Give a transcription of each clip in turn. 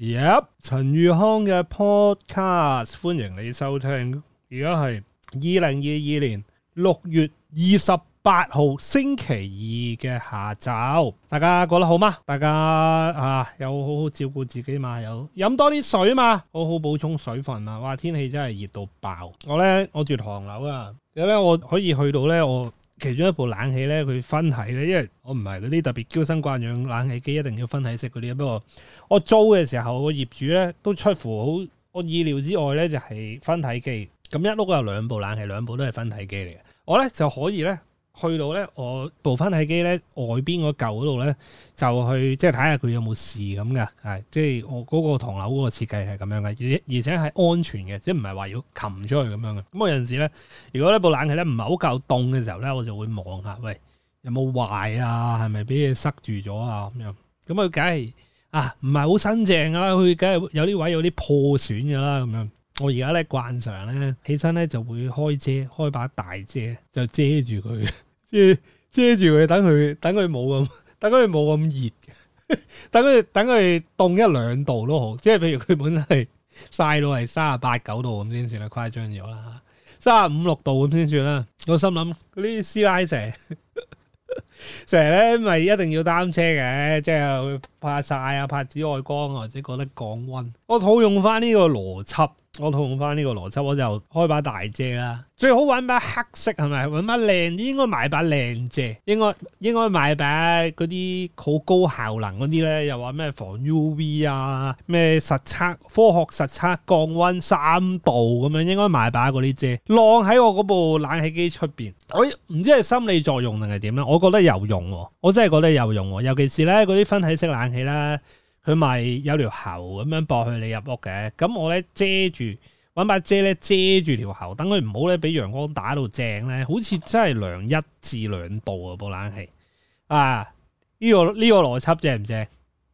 yep 陳宇康嘅 podcast，歡迎你收聽。而家係二零二二年六月二十八號星期二嘅下晝，大家過得好嗎？大家啊，有好好照顧自己嘛？有飲多啲水嘛？好好補充水分啊，哇，天氣真係熱到爆！我呢，我住唐樓啊，有呢，我可以去到呢。我。其中一部冷氣咧，佢分體咧，因為我唔係嗰啲特別嬌生慣養冷氣機，一定要分體式嗰啲。不過我租嘅時候，我個業主咧都出乎好我意料之外咧，就係分體機。咁一屋有兩部冷氣，兩部都係分體機嚟嘅。我咧就可以咧。去到咧，我部分體機咧外邊嗰嚿嗰度咧，就去即係睇下佢有冇事咁噶，係即係我嗰個唐樓嗰個設計係咁樣嘅，而且而且係安全嘅，即係唔係話要擒出去咁樣嘅。咁我有陣時咧，如果呢部冷氣咧唔係好夠凍嘅時候咧，我就會望下，喂，有冇壞啊？係咪俾嘢塞住咗啊？咁樣，咁佢梗係啊，唔係好新淨啦，佢梗係有啲位有啲破損噶啦，咁樣。我而家咧慣常咧起身咧就會開遮，開把大遮就遮住佢，遮遮住佢等佢等佢冇咁，等佢冇咁熱，等佢等佢凍一兩度都好。即係譬如佢本身係曬到係三啊八九度咁先算啦，誇張咗啦，三啊五六度咁先算啦。我心諗嗰啲師奶成成日咧咪一定要擔遮嘅，即係怕曬啊，怕紫外光或者覺得降溫。我套用翻呢個邏輯。我套用翻呢個邏輯，我就開把大遮啦，最好搵把黑色，係咪？搵把靚，應該買把靚遮，應該應該買把嗰啲好高效能嗰啲咧，又話咩防 UV 啊，咩實測科學實測降温三度咁樣，應該買把嗰啲遮晾喺我嗰部冷氣機出邊。我唔知係心理作用定係點樣，我覺得有用啊，我真係覺得有用啊，尤其是咧嗰啲分體式冷氣啦啊。佢咪有條喉咁樣駁去你入屋嘅，咁我咧遮住，搵把遮咧遮住條喉，等佢唔好咧俾陽光打到正咧，好似真係涼一至兩度啊！部冷氣啊，呢個呢個邏輯正唔正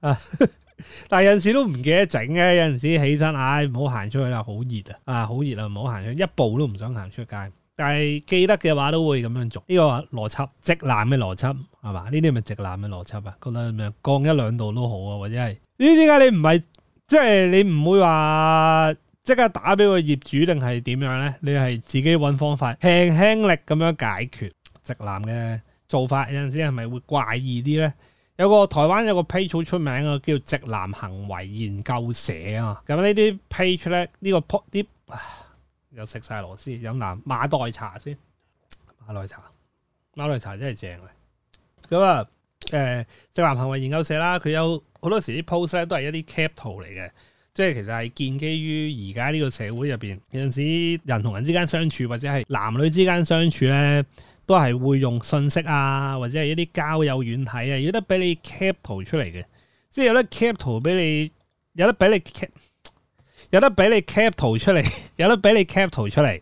啊？ 但係有陣時都唔記得整嘅，有陣時起身唉，唔好行出去啦，好熱啊，啊好熱啊，唔好行出去，一步都唔想行出街。但係記得嘅話都會咁樣做，呢個係邏輯直男嘅邏輯係嘛？呢啲咪直男嘅邏輯啊？覺得咩降一兩度都好啊，或者係呢？點解你唔係即係你唔會話即刻打俾個業主定係點樣咧？你係自己揾方法輕輕力咁樣解決直男嘅做法，有陣時係咪會怪異啲咧？有個台灣有個 page 好出名嘅叫直男行為研究社啊，咁呢啲 page 咧呢個啲。又食晒螺絲，飲啖馬黛茶先。馬黛茶，馬黛茶，茶真係正嘅。咁啊，誒、啊呃，直男行為研究社啦，佢有好多時啲 post 咧，都係一啲 cap 圖嚟嘅。即係其實係建基於而家呢個社會入邊，有陣時人同人之間相處，或者係男女之間相處咧，都係會用信息啊，或者係一啲交友軟體啊，有得俾你 cap 圖出嚟嘅。即係有得 cap 圖俾你，有得俾你 cap 有得俾你 cap 圖出嚟，有得俾你 cap 圖出嚟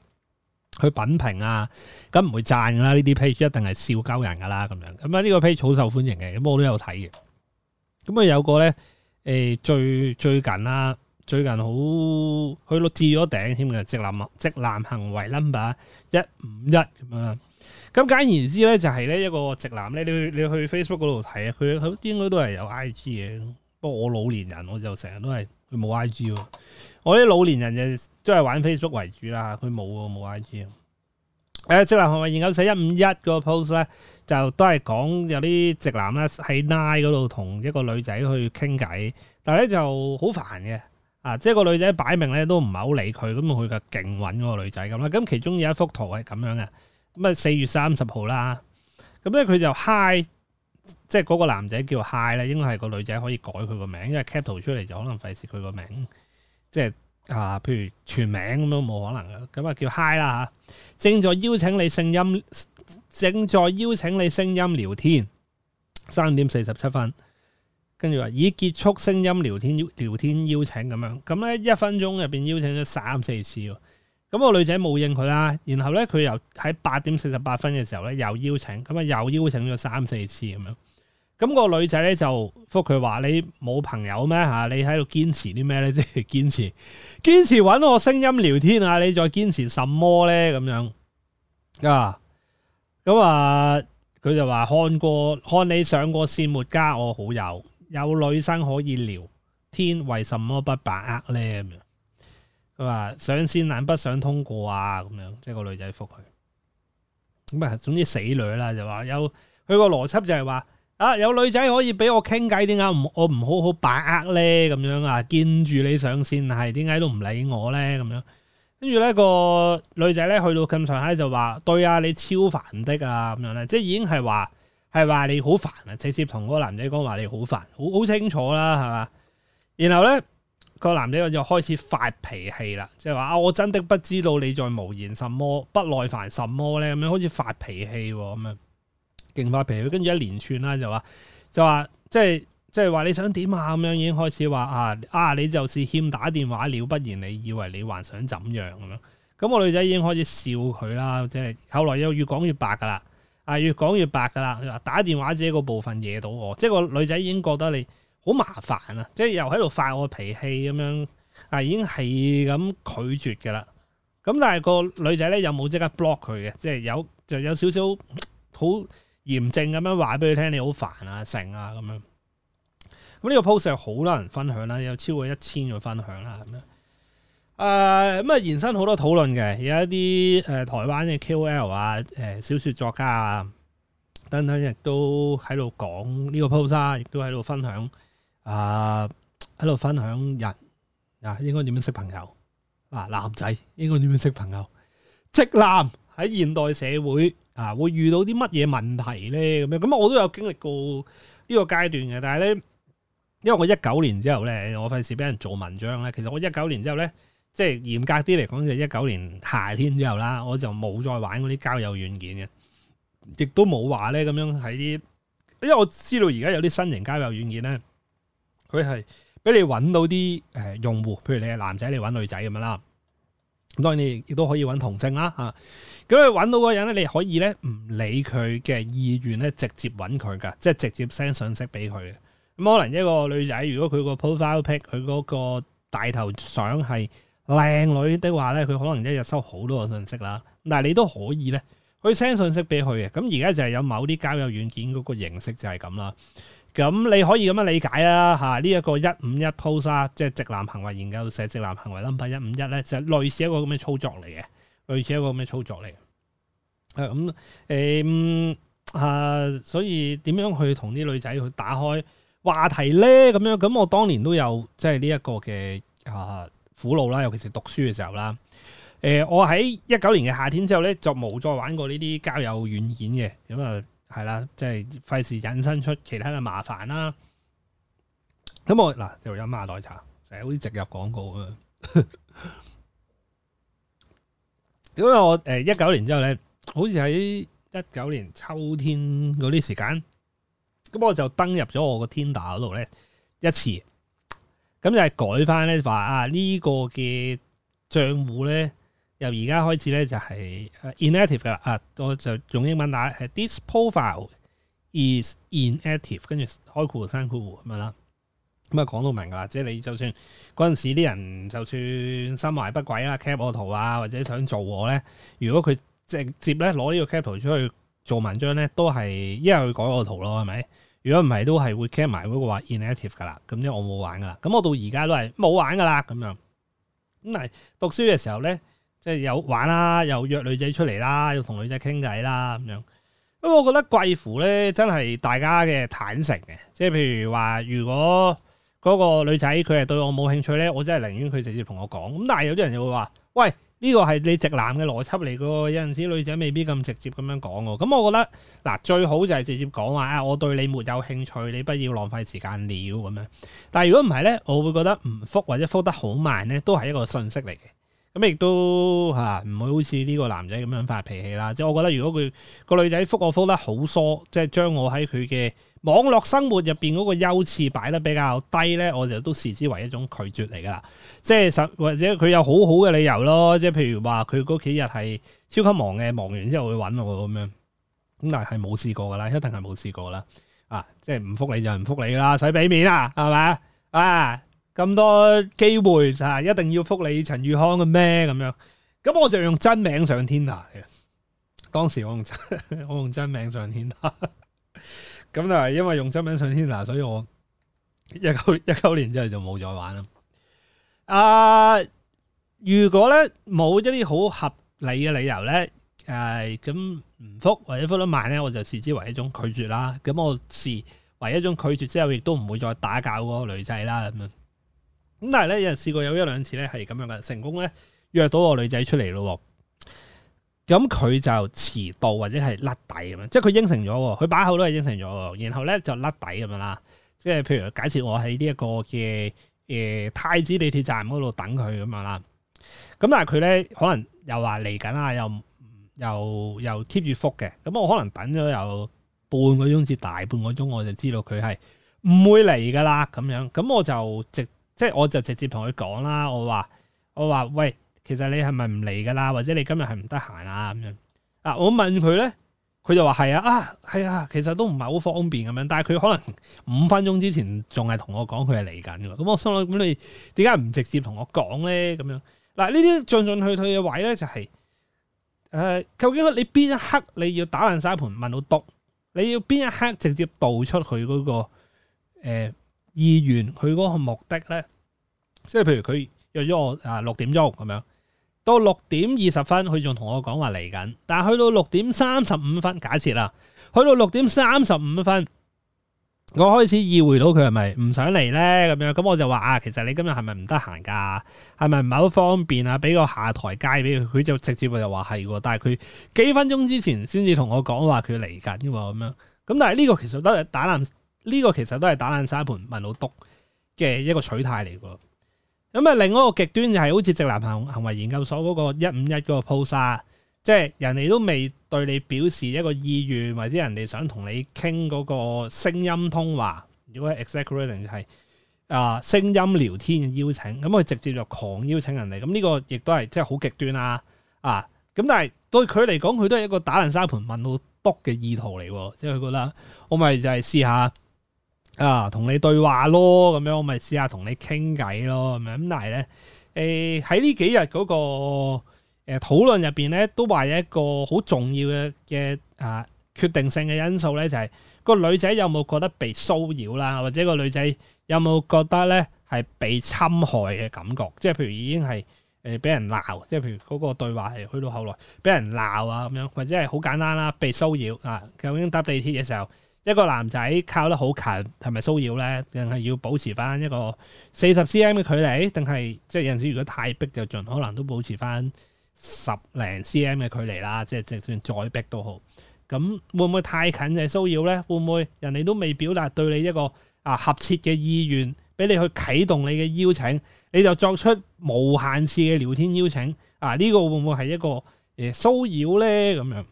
去品評啊，咁唔會讚噶啦，呢啲 page 一定係笑鳩人噶啦咁樣。咁啊呢個 page 好受歡迎嘅，咁我都有睇嘅。咁啊有個咧，誒、欸、最最近啦，最近好佢落置咗頂添嘅，直男直男行為 number 一五一咁樣啦。咁簡言之咧，就係、是、呢一個直男咧，你去你去 Facebook 嗰度睇啊，佢佢應該都係有 IG 嘅。不過我老年人我就成日都係佢冇 IG 喎。我啲老年人就都係玩 Facebook 為主啦，佢冇喎冇 IG。誒、啊，直男行為研究社一五一個 post 咧，就都係講有啲直男咧喺 line 嗰度同一個女仔去傾偈，但係咧就好煩嘅啊！即係個女仔擺明咧都唔係好理佢，咁佢嘅勁揾嗰個女仔咁啦。咁其中有一幅圖係咁樣嘅，咁啊四月三十號啦，咁咧佢就 hi，即係嗰個男仔叫 hi 啦，應該係個女仔可以改佢個名，因為 cap 圖出嚟就可能費事佢個名。即係啊，譬如全名咁都冇可能㗎，咁啊叫 Hi 啦嚇，正在邀請你聲音，正在邀請你聲音聊天，三點四十七分，跟住話已結束聲音聊天聊天邀請咁樣，咁咧一分鐘入邊邀請咗三四次喎，咁個女仔冇應佢啦，然後咧佢又喺八點四十八分嘅時候咧又邀請，咁啊又邀請咗三四次咁樣。咁、那個女仔咧就覆佢話：你冇朋友咩吓？你喺度堅持啲咩咧？即係堅持堅持揾我聲音聊天啊！你再堅持什麼咧？咁樣啊？咁啊？佢就話看過，看你上過線沒加我好友有女生可以聊天，為什麼不，不把握咧？咁樣佢話上線難，不想通過啊？咁樣即係、那個女仔覆佢咁啊？總之死女啦，就話有佢個邏輯就係話。啊！有女仔可以俾我傾偈，點解唔我唔好好把握咧？咁樣啊，見住你上線係，點解都唔理我咧？咁樣跟住咧，呢嗰個女仔咧去到咁上下就話：對啊，你超煩的啊！咁樣咧，即係已經係話係話你好煩啊！直接同嗰個男仔講話你好煩，好好清楚啦，係嘛？然後咧、嗰個男仔就開始發脾氣啦，即係話啊，我真的不知道你在無言什麼、不耐煩什麼咧，咁樣好似發脾氣咁樣。勁發脾氣，跟住一連串啦，就話就話，即係即係話你想點啊？咁樣已經開始話啊啊，你就是欠打電話了，不然你以為你還想怎樣咁樣？咁個女仔已經開始笑佢啦，即係後來又越講越白噶啦，啊越講越白噶啦。佢話打電話啫，嗰部分惹到我，即係個女仔已經覺得你好麻煩啊，即係又喺度發我脾氣咁樣啊，已經係咁拒絕噶啦。咁但係個女仔咧又冇即刻 block 佢嘅，即係有就有少少好。咳咳嚴正咁樣話俾佢聽，你好煩啊，成啊咁樣。咁、嗯、呢、呢個 post 係好多人分享啦，有超過一千個分享啦咁樣。誒、咁、呃、啊、嗯、延伸好多討論嘅，有一啲誒、呃、台灣嘅 KOL 啊，誒、呃、小說作家啊等等亦都喺度，亦都喺度講呢個 post 亦都喺度分享啊，喺、呃、度分享人啊，應該點樣識朋友？嗱、啊，男仔應該點樣識朋友？直男喺現代社會。啊！會遇到啲乜嘢問題咧？咁樣，咁我都有經歷過呢個階段嘅。但係咧，因為我一九年之後咧，我費事俾人做文章咧。其實我一九年之後咧，即係嚴格啲嚟講，就一九年夏天之後啦，我就冇再玩嗰啲交友軟件嘅，亦都冇話咧咁樣喺啲，因為我知道而家有啲新型交友軟件咧，佢係俾你揾到啲誒用戶，譬如你係男仔你揾女仔咁樣啦。當然你亦都可以揾同性啦吓咁你揾到嗰人咧，你可以咧唔理佢嘅意願咧，直接揾佢噶，即係直接 send 信息俾佢嘅。咁可能一個女仔，如果佢個 profile pic 佢嗰個大頭相係靚女的話咧，佢可能一日收好多個信息啦。但係你都可以咧去 send 信息俾佢嘅。咁而家就係有某啲交友軟件嗰個形式就係咁啦。咁你可以咁樣理解啦。吓，呢一個一五一 post，即係直男行為研究社，直男行為 number 一五一咧，就係類似一個咁嘅操作嚟嘅。類似一個咁嘅操作嚟，係咁誒，啊，所以點樣去同啲女仔去打開話題咧？咁樣咁，我當年都有即係呢一個嘅、啊苦惱啦，尤其是讀書嘅時候啦。誒、啊，我喺一九年嘅夏天之後咧，就冇再玩過呢啲交友軟件嘅，咁啊係啦，即係費事引申出其他嘅麻煩啦。咁我嗱、啊、就飲下袋茶，成日好似植入廣告咁樣。呵呵因為我誒一九年之後咧，好似喺一九年秋天嗰啲時間，咁我就登入咗我個 Tinder 嗰度咧一次，咁就係改翻咧話啊、這個、呢個嘅賬戶咧，由而家開始咧就係 inactive 噶啊，我就用英文打係 This profile is inactive，跟住開括弧刪括弧咁樣啦。咁啊，講到明㗎啦，即係你就算嗰陣時啲人，就算心懷不軌啦，cap 我圖啊，或者想做我咧，如果佢直接咧攞呢個 cap 圖出去做文章咧，都係因為佢改我圖咯，係咪？如果唔係，都係會 cap 埋嗰個話 inactive 㗎啦。咁即係我冇玩㗎啦。咁我到而家都係冇玩㗎啦。咁樣咁係讀書嘅時候咧，即係有玩啦，有約女仔出嚟啦，有同女仔傾偈啦，咁樣。咁我覺得貴乎咧，真係大家嘅坦誠嘅，即係譬如話，如果嗰、那個女仔佢係對我冇興趣咧，我真係寧願佢直接同我講。咁但係有啲人就會話，喂，呢個係你直男嘅邏輯嚟㗎喎。有陣時女仔未必咁直接咁樣講嘅。咁、嗯、我覺得嗱，最好就係直接講話啊，我對你沒有興趣，你不要浪費時間了咁樣。但如果唔係咧，我會覺得唔覆或者覆得好慢咧，都係一個信息嚟嘅。咁、嗯、亦都嚇唔、啊、會好似呢個男仔咁樣發脾氣啦。即、就是、我覺得如果佢、那個女仔覆我覆得好疏，即、就、係、是、將我喺佢嘅網絡生活入邊嗰個優次擺得比較低咧，我就都視之為一種拒絕嚟噶啦。即係或或者佢有好好嘅理由咯。即係譬如話佢嗰幾日係超級忙嘅，忙完之後會揾我咁樣。咁但係冇試過噶啦，一定係冇試過啦。啊，即係唔覆你就唔覆你啦，使俾面啊，係咪？啊，咁多機會啊，一定要覆你陳宇康嘅咩咁樣？咁我就用真名上天台嘅。當時我用真我用真名上天台 咁就係因為用真名上天嗱，所以我一九一九年之後就冇再玩啦。啊、呃，如果咧冇一啲好合理嘅理由咧，誒咁唔覆或者覆得慢咧，我就視之為一種拒絕啦。咁我視為一種拒絕之後，亦都唔會再打攪嗰個女仔啦。咁樣咁，但係咧有人試過有一兩次咧係咁樣嘅成功咧，約到個女仔出嚟咯。咁佢就遲到或者係甩底咁樣，即係佢應承咗，佢把口都係應承咗，然後咧就甩底咁樣啦。即係譬如假設我喺呢一個嘅誒、呃、太子地鐵站嗰度等佢咁樣啦。咁但係佢咧可能又話嚟緊啊，又又又 keep 住覆嘅。咁我可能等咗有半個鐘至大半個鐘，我就知道佢係唔會嚟㗎喇。咁樣咁我就直即係、就是、我就直接同佢講啦。我話我話喂。其實你係咪唔嚟噶啦？或者你今日係唔得閒啊？咁樣啊，我問佢咧，佢就話係啊，啊係啊，其實都唔係好方便咁樣。但係佢可能五分鐘之前仲係同我講佢係嚟緊噶，咁我心諗咁你點解唔直接同我講咧？咁樣嗱，呢啲進進退退嘅位咧，就係誒，究竟你邊一刻你要打爛沙盤問到篤？你要邊一刻直接道出佢嗰、嗰個誒、呃、意願，佢嗰個目的咧？即係譬如佢約咗我啊六點鐘咁樣。到六點二十分，佢仲同我講話嚟緊，但係去到六點三十五分，假設啦，去到六點三十五分，我開始意會到佢係咪唔想嚟呢？咁樣，咁我就話啊，其實你今日係咪唔得閒噶？係咪唔係好方便啊？俾個下台階俾佢，佢就直接就話係，但係佢幾分鐘之前先至同我講話佢嚟緊噶嘛？咁樣，咁但係呢個其實都係打爛呢、呢個其實都係打爛沙盤問老督嘅一個取態嚟噶。咁啊，另外一個極端就係好似直男行行為研究所嗰個一五一嗰個 po s t 即係人哋都未對你表示一個意願，或者人哋想同你傾嗰個聲音通話，如果係 executing 係啊聲音聊天嘅邀請，咁佢直接就狂邀請人哋，咁呢個亦都係即係好極端啊！啊，咁但係對佢嚟講，佢都係一個打人沙盤問到篤嘅意圖嚟喎，即係佢覺得我咪就係試下。啊，同你對話咯，咁樣我咪試下同你傾偈咯，咁樣，咁但係咧，誒喺呢幾日嗰個誒討論入面咧，都話有一個好重要嘅嘅啊決定性嘅因素咧，就係個女仔有冇覺得被騷擾啦，或者個女仔有冇覺得咧係被侵害嘅感覺，即係譬如已經係誒俾人鬧，即係譬如嗰個對話係去到後來俾人鬧啊咁樣，或者係好簡單啦，被騷擾啊，究竟搭地鐵嘅時候，一個男仔靠得好近係咪騷擾咧？定係要保持翻一個四十 cm 嘅距離？定係即係有陣時如果太逼就盡可能都保持翻十零 cm 嘅距離啦。即係就算再逼都好，咁會唔會太近就係騷擾咧？會唔會人哋都未表達對你一個啊合切嘅意願，俾你去啟動你嘅邀請，你就作出無限次嘅聊天邀請？啊，呢個會唔會係一個誒騷擾咧？咁樣？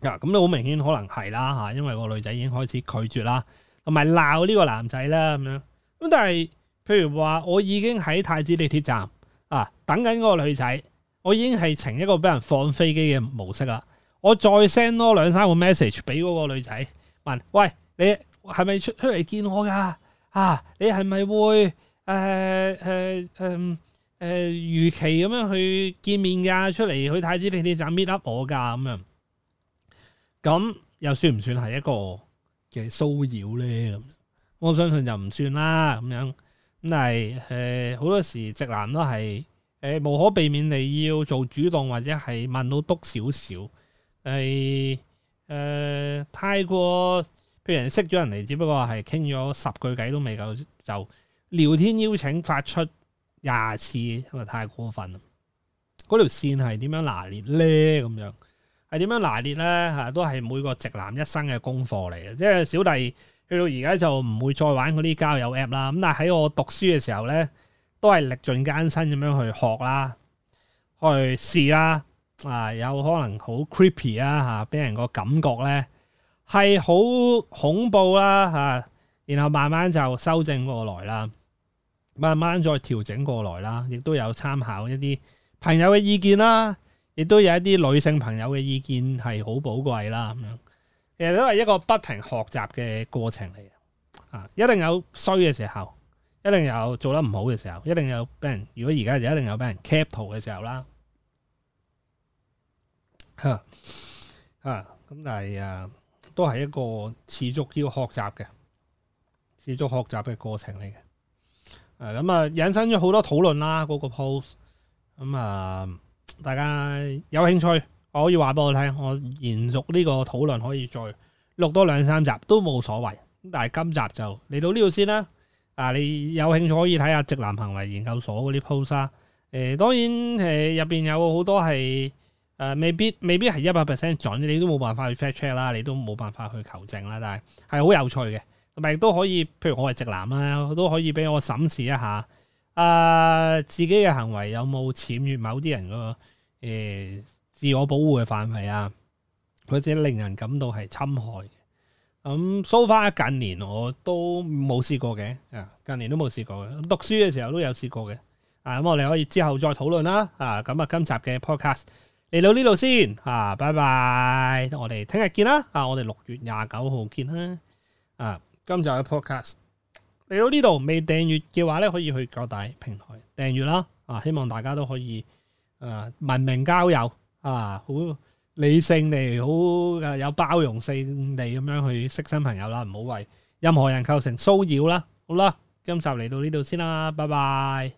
嗱，咁你好明顯可能係啦吓，因為個女仔已經開始拒絕啦，同埋鬧呢個男仔啦咁樣咁但係，譬如話，我已經喺太子地鐵站啊，等緊嗰個女仔，我已經係呈一個俾人放飛機嘅模式啦。我再 send 多兩三個 message 俾嗰個女仔，問：喂，你係咪出出嚟見我噶？啊，你係咪會誒誒誒誒如期咁樣去見面噶？出嚟去太子地鐵站 meet up 我噶咁樣。咁又算唔算係一個嘅騷擾咧？咁我相信就唔算啦。咁樣咁但係誒，好、呃、多時直男都係誒、呃，無可避免地要做主動或者係問到篤少少，係、呃、誒、呃、太過。譬如認識咗人嚟，只不過係傾咗十句偈都未夠，就聊天邀請發出廿次，因為太過分啦！嗰條線係點樣拿捏咧？咁樣。係點樣拿捏咧？吓、啊、都係每個直男一生嘅功課嚟嘅，即係小弟去到而家就唔會再玩嗰啲交友 app 啦。咁但係喺我讀書嘅時候咧，都係歷盡艱辛咁樣去學啦，去試啦。啊，有可能好 creepy 啦、啊，吓俾人個感覺咧，係好恐怖啦，吓、啊、然後慢慢就修正過來啦，慢慢再調整過來啦，亦都有參考一啲朋友嘅意見啦。亦都有一啲女性朋友嘅意見係好寶貴啦咁樣，其實都係一個不停學習嘅過程嚟嘅，啊，一定有衰嘅時候，一定有做得唔好嘅時候，一定有俾人，如果而家就一定有俾人 cap 圖嘅時候啦，嚇嚇，咁、啊、但係啊，都係一個持續要學習嘅，持續學習嘅過程嚟嘅，啊，咁啊引申咗好多討論啦嗰個 post 咁啊。大家有興趣，可以話俾我聽，我延續呢個討論可以再錄多兩三集都冇所謂。但係今集就嚟到呢度先啦。啊，你有興趣可以睇下直男行為研究所嗰啲 post 啊。誒，當然誒入邊有好多係誒、啊、未必未必係一百 percent 準，你都冇辦法去 fact check 啦，你都冇辦法去求證啦。但係係好有趣嘅，同埋亦都可以，譬如我係直男啦，都可以俾我審視一下。啊，自己嘅行為有冇僭越某啲人個誒、呃、自我保護嘅範圍啊？或者令人感到係侵害嘅咁。so、嗯、far 近年我都冇試過嘅啊，近年都冇試過嘅。咁讀書嘅時候都有試過嘅。啊，咁、嗯、我哋可以之後再討論啦。啊，咁啊，今集嘅 podcast 嚟到呢度先。啊，拜拜，我哋聽日見啦。啊，我哋六月廿九號見啦。啊，今集嘅 podcast。嚟到呢度未訂閱嘅話咧，可以去各大平台訂閱啦。啊，希望大家都可以啊、呃，文明交友啊，好理性地、好誒有包容性地咁樣去識新朋友啦。唔好為任何人構成騷擾啦。好啦，今集嚟到呢度先啦，拜拜。